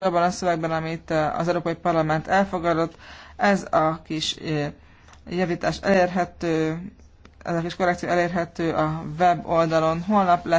abban a szövegben, amit eh, az Európai Parlament elfogadott. Ez a kis eh, javítás elérhető, ez a kis korrekció elérhető a web oldalon. Holnap lesz